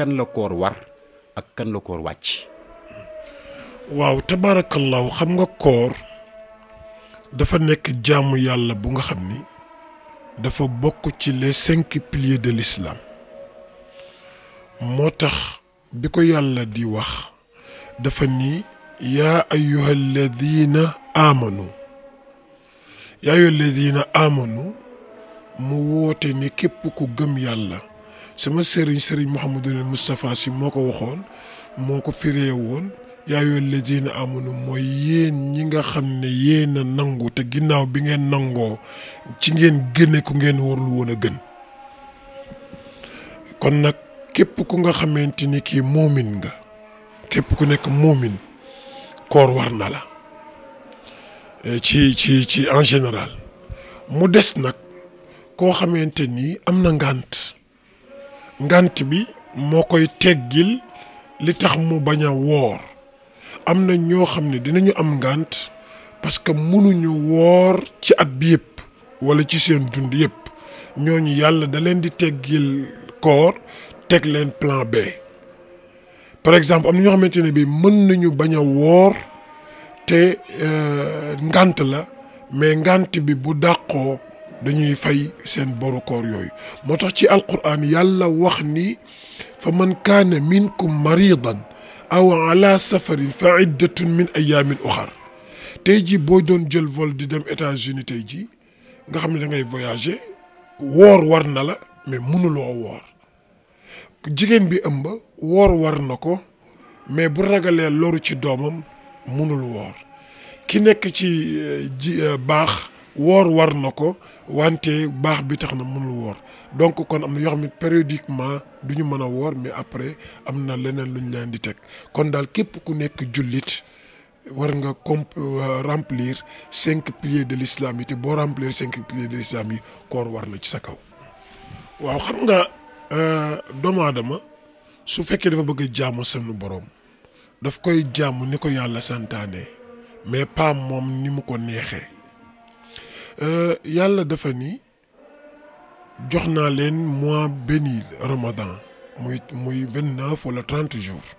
kan la wàcc waaw tabaarakallaahu xam nga koor dafa nekk jàmm yàlla bu nga xam ni dafa bokk ci les cinq piliers de l'islam moo tax bi ko yàlla di wax dafa ni yaa ayyuha alladina amanu yaa ayyuha alladina amanu mu woote ni képp ku gëm yàlla sama sëriñ sëriñ Mouhamadul Moustapha si moo ko waxoon moo ko firee woon yaa ayyuhal lazina amanu mooy yéen ñi nga xam ne yéen a nangu te ginnaaw bi ngeen nangoo ci ngeen génne ku ngeen warul woon a gën kon nag képp ku nga xamante ni kii moomin nga képp ku nekk moomin koor war na la eh, ci ci ci en général mu des nag koo xamante nii am na ngànt ngant bi moo koy teggil li tax mu bañ a woor am na ñoo xam ne dinañu am ngant parce que mënuñu woor ci at bi yëpp wala ci seen dund yëpp ñooñu yàlla da leen di teggil koor teg leen plan B par exemple am na ñoo xamante ne bi mën nañu bañ a woor te euh, ngant la mais ngant bi bu dàqoo dañuy fay seen boru yooyu moo tax ci alquran yàlla wax ni fa man kaana minkum maridan aw ala safarin fa iddatun min ayamin uxar tey ji boo doon jël vol di dem États-Unis tey ji nga xam ne dangay ngay voyager woor war na la mais mënuloo woor jigéen bi ëmb woor war na ko mais bu ragalee loru ci doomam mënul woor ki nekk ci eh, ji eh, baax woor war na ko wante baax bi tax na mënul woor donc kon am na yoo xam ne périodiquement du ñu mën a woor mais après am na leneen lu ñu leen di teg kon daal képp ku nekk jullit war nga comp euh, remplir cinq piliers de l'islam yi te boo remplir cinq piliers de l'islam yi koor war na ci sa kaw waaw xam nga euh, doomu aadama su fekkee dafa bëgg a jaamu seen boroom daf koy jàmm ni ko yàlla santaane mais pas moom ni mu ko neexee Euh, yàlla dafa ni jox naa leen mois béni ramadan muy muy vingt neuf wala trente jours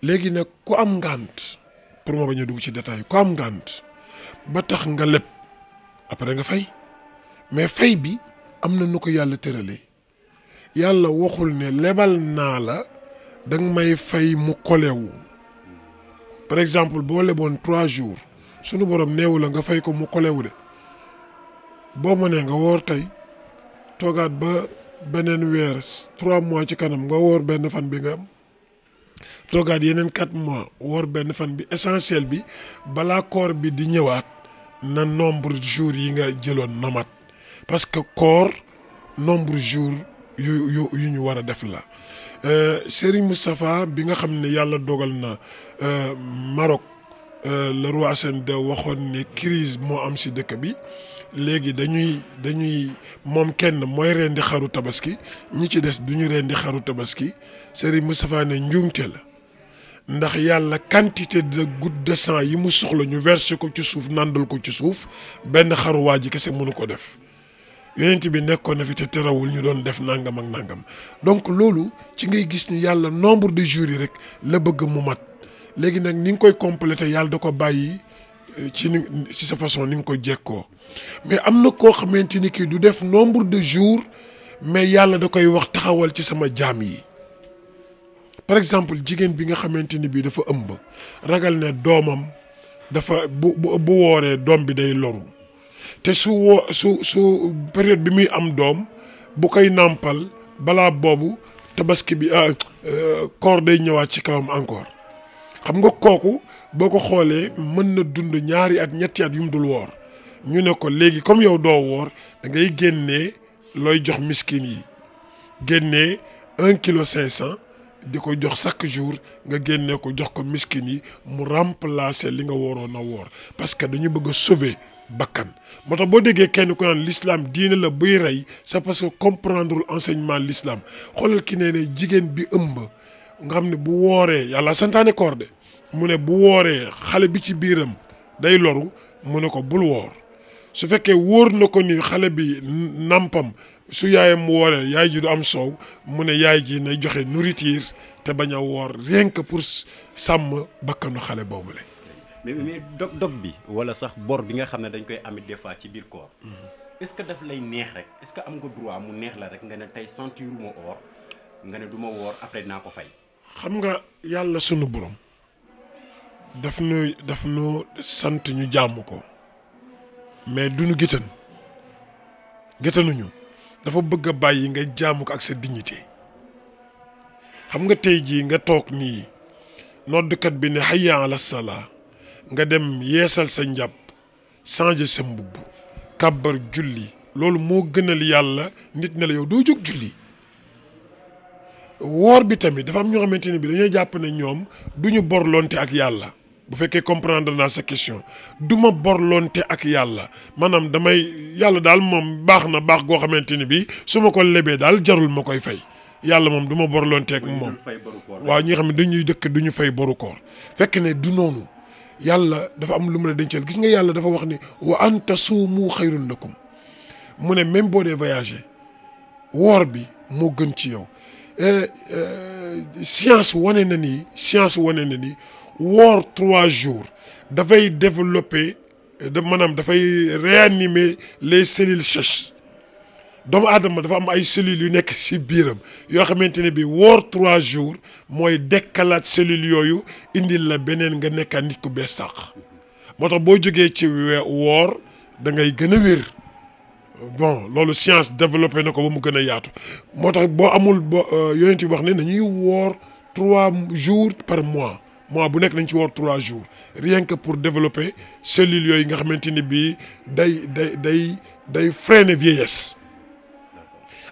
léegi nag ku am ngant pour ma bañ dugg ci détail ku am ngànt ba tax nga leb après nga fay mais fay bi am na nu ko yàlla tërale yàlla waxul ne lebal naa la danga may fay mu kolewu par exemple boo leboon trois jours sunu borom neewu la nga fay ko mu kolewu de boo mënee nga woor tey toogaat ba beneen weer trois mois ci kanam nga woor benn fan bi nga am toogaat yeneen quatre mois woor benn fan bi essentiel bi balaa koor bi di ñëwaat na nombre jour yi nga jëloon namat parce que koor nombre jour yu yu yu ñu war a def la euh, Serigne Moustapha bi nga xam ne yàlla dogal na euh, Maroc euh, le roi Hassan II waxoon ne crise moo am si dëkk bi léegi dañuy dañuy moom kenn mooy rendi xaru tabaski ñi ci des duñu rendi xaru tabaski Serigne Moustapha ne njuumte la ndax yàlla quantité de goutte de yi mu soxla ñu verser ko ci suuf nandal ko ci suuf benn xaru waa ji kese mënu ko def yonent bi nekkoon na fi te terewul ñu doon def nangam ak nangam donc loolu ci ngay gis ñu yàlla nombre de jours rek la bëgg mu mat léegi nag ni nga koy complété yàlla da ko bàyyi euh, ci ni ci sa façon ni nga ko jekkoo mais am na koo xamante ni kii du def nombre de jours mais yàlla da koy wax taxawal ci sama jaam yi par exemple jigéen bi nga xamante ni bii dafa ëmb ragal ne doomam dafa bu bu wooree doom bi day loru te su woo su su période bi muy am doom bu koy nàmpal balaa boobu tabaski bi euh, euh, koor day ñëwaat ci kawam encore xam nga kooku boo ko xoolee mën na dund ñaari at ñetti at yu mu dul woor ñu ne ko léegi comme yow doo woor da ngay génnee looy jox miskin yi génnee un kilo cent di ko jox chaque jour nga génnee ko jox ko miskin yi mu remplacer li nga waroon a woor parce que dañu bëgg a sauver bakkan moo tax boo déggee kenn ku naan lislaam diine la buy rey c'est parce que comprendrewul enseignement l'islam xoolal ki ne ne jigéen bi ëmb nga xam ne bu wooree yàlla santaane koor de mu ne bu wooree xale bi ci biiram day loru mu ne ko bul woor su fekkee wóor na ko ni xale bi nàmpam su yaayam mu wooree yaay ji du am soow mu ne yaay ji nay joxe nourriture te bañ a woor rien que pour sàmm bakkanu xale boobu la. mais mais dog dog bi wala sax bor bi nga xam ne dañ koy amit des fois ci biir koor. Mhm. est-ce que daf lay neex rek est-ce que am nga droit mu neex la rek nga ne tey ceinture ma or nga ne du ma woor après dinaa ko fay. xam nga yàlla sunu borom daf nu daf nu sant ñu jàmm ko. mais duñu géttan géttanuñu dafa bëgg a bàyyi nga jaamu ko ak sa dignité xam nga tey jii nga toog nii noddkat bi ne hayya ala salaa nga dem yeesal sa njàpp changer sa mbubb kàbbar julli loolu moo gënal yàlla nit ne la yow doo jóg julli woor bi tamit dafa am ñoo xamante ne bi dañuy jàpp ne ñoom du ñu borlonte ak yàlla bu fekkee comprendre naa sa question du ma borloonte ak yàlla maanaam damay yàlla daal moom baax na baax goo xamante ni bii su ma ko lebee daal jarul ma koy fay yàlla moom du ma borloonte ak moom waa ñi nga xam ne ñuy dëkk du ñu fay boru koor fekk ne du noonu yàlla dafa am lu mu la dencal gis nga yàlla dafa wax ni wa an tasuumu na lakum mu ne même boo dee voyager woor bi moo gën ci yow eh, eh, science wane na nii science wane na nii woor trois jours dafay développer da maanaam dafay réanimer les cellules sèches doomu aadama dafa am ay cellules yu nekk ci biiram yoo xamante ne bi woor trois jours mooy dekkalaat cellules yooyu indil la beneen nga nekkaat nit ku bees sàq moo tax boo jógee ci woor da ngay gën a wér bon loolu science développé na ko ba mu gën a yaatu moo tax boo amul ba euh, yonent yi wax ni nañuy woor trois jours par mois mois bu nekk nañ ci woor trois jours rien que pour développer cellules yooyu nga xamante ni bii day day day day freiner vieillesse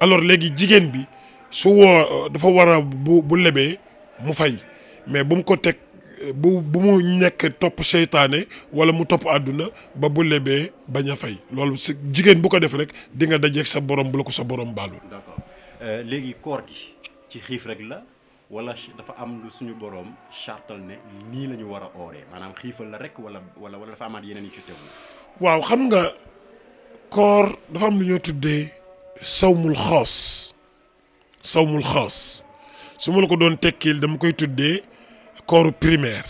alors léegi jigéen bi su woo dafa war a bu bu lebee mu fay mais bu mu ko teg bu bu mu nekk topp seytaane wala mu topp àdduna ba bu lebee bañ a fay loolu si jigéen bu ko def rek di nga dajeeg sa borom bu la ko sa borom baalul. d'accord euh, léegi koor gi ci xiif rek la. wala dafa am suñu boroom chartal ne nii la ñu war a ooree maanaam xiifal la rek wala wala wala dafa amaat yeneen yi ci waaw xam nga koor dafa am lu ñoo tuddee sawmul xoos sawmul xoos su ma la ko doon tekkiil dama koy tuddee kooru primaire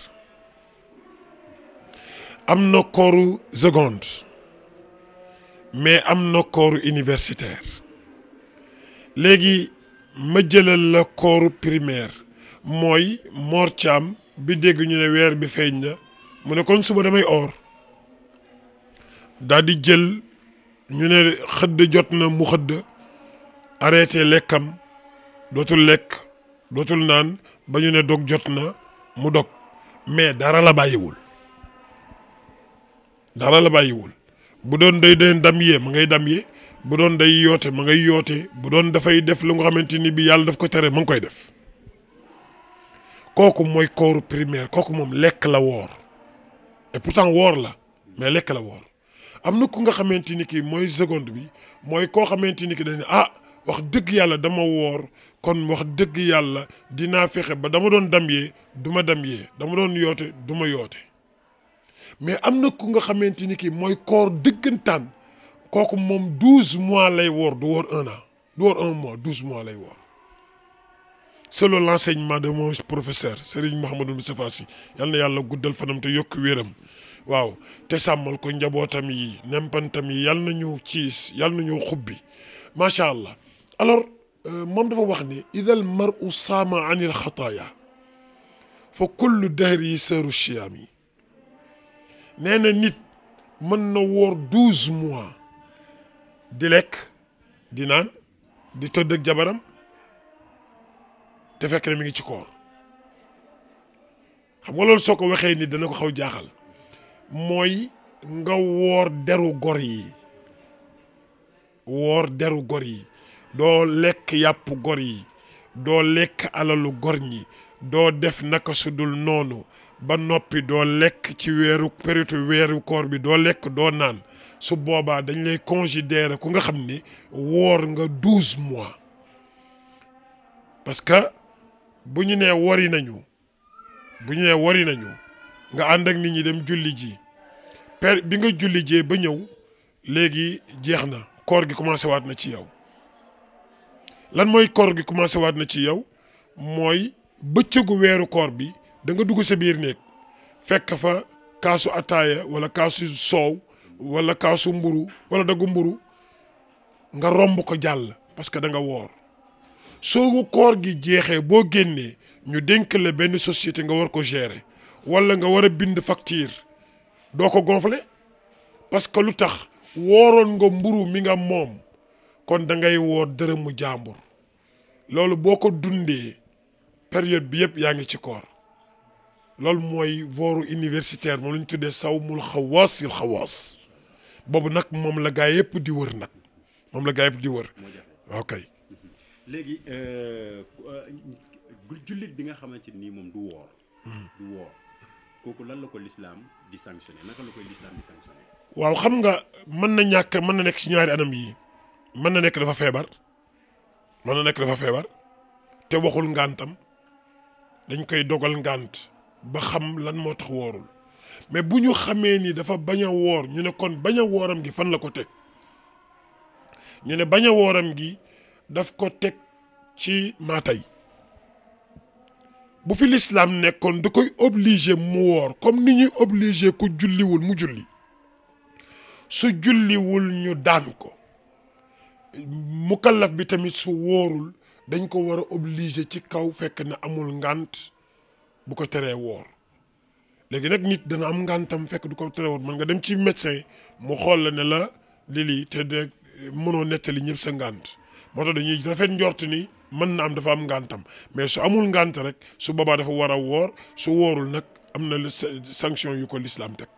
am na kooru seconde mais am na kooru universitaire léegi ma jëlal la kooru primaire mooy Mor bi dégg ñu ne weer bi feeñ na mu ne kon suba damay oor daal di jël ñu ne xëdd jot na mu xëdd arrêté lekkam dootul lekk dootul naan ba ñu ne dog jot na mu dog mais dara la bàyyiwul dara la bàyyiwul bu doon day day dam yee ma ngay dam yee bu doon day yoote ma ngay yoote bu doon dafay def lu nga xamante ni bi yàlla daf ko tere ma ngi koy def kooku mooy kooru primaire kooku moom lekk la woor et pourtant woor la mais lekk la woor am na ku nga xamante ni ki mooy seconde bi mooy koo xamante ni ki dañ ah wax dëgg yàlla dama woor kon wax dëgg yàlla dinaa fexe ba dama doon dam yee du ma dam dama doon yoote du ma yoote mais am na ku nga xamante ni kii mooy koor dëggantaan kooku moom douze mois lay woor du woor un an du woor un mois douze mois lay woor selon l' enseignement de professeur Serigne Mouhamadou Moustapha Sy yal na yàlla guddal fanam te yokk wéram waaw te sàmmal ko njabootam yi nempantam yi yal nañu ciis yal nañu xubbi macha allah alors euh, moom dafa wax ni idal maru saama anil xataaya fa kullu dahri yi seeru chiyaam yi nee na nit mën na wóor douze mois di lekk di naan di tëdd ak jabaram te fekk na mi ngi ci koor xam nga loolu soo ko waxee nit dana ko xaw jaaxal mooy nga woor deru gor yi woor deru gor yi doo lekk yàppu gor yi doo lekk alalu gor ñi doo def naka sudul noonu ba noppi doo lekk ci weeru période weeru koor bi doo lekk doo naan su boobaa dañ lay considérer ku nga xam ni woor nga douze mois parce que bu ñu nee wari nañu bu ñu nee wari nañu nga ànd ak nit ñi dem julli ji per bi nga julli jee ba ñëw léegi jeex na koor gi commencé waat na ci yow lan mooy koor gi commencé waat na ci yow mooy bëccëgu weeru koor bi danga dugg sa biir néeg fekk fa kaasu ataaya wala kaasu soow walla kaasu mburu wala daggu mburu nga romb ko jàll parce que da nga woor soo koor gi jeexee boo génnee ñu dénk la benn société nga war ko gérer wala nga war a bind facture doo ko gonfle parce que lu tax wooroon nga mburu mi nga moom kon da ngay woor dërëmu jàmbur loolu boo ko dundee période bi yëpp yaa ngi ci koor loolu mooy vooru universitaire moom la ñu tuddee sawmul xawaas il xawaas boobu nag moom la gaa yëpp di wër nag moom la gaa yëpp di wër waaw kay léegi euh, jullit bi nga xamante ni moom du woor hmm. du kooku lan la ko lislaam di sanctionné la koy waaw xam nga mën na ñàkk mën na nekk ci ñaari anam yi mën na nekk dafa feebar mën na nekk dafa feebar te waxul ngàntam dañ koy dogal ngànt ba xam lan moo tax woorul mais bu ñu xamee ni dafa bañ a woor ñu ne kon bañ a wooram gi fan la ko teg ñu ne bañ a wooram gi daf ko teg ci maatay bu fi lislaam nekkoon da koy obligé mu woor comme ni ñuy obligé ku julliwul mu julli su julliwul ñu daan ko mu kallaf bi tamit su wóorul dañ ko war a obligé ci kaw fekk na amul ngànt bu ko teree woor léegi nag nit dana am ngàntam fekk du ko teree woor man nga dem ci médecin mu xool la ne la li lii te de mënoo nettali ñëpp sa ngànt moo tax dañuy rafet njort ni mën na am dafa am ngàntam mais su amul ngànt rek su boobaa dafa war a woor su woorul nag am na sanction yu ko lislaam teg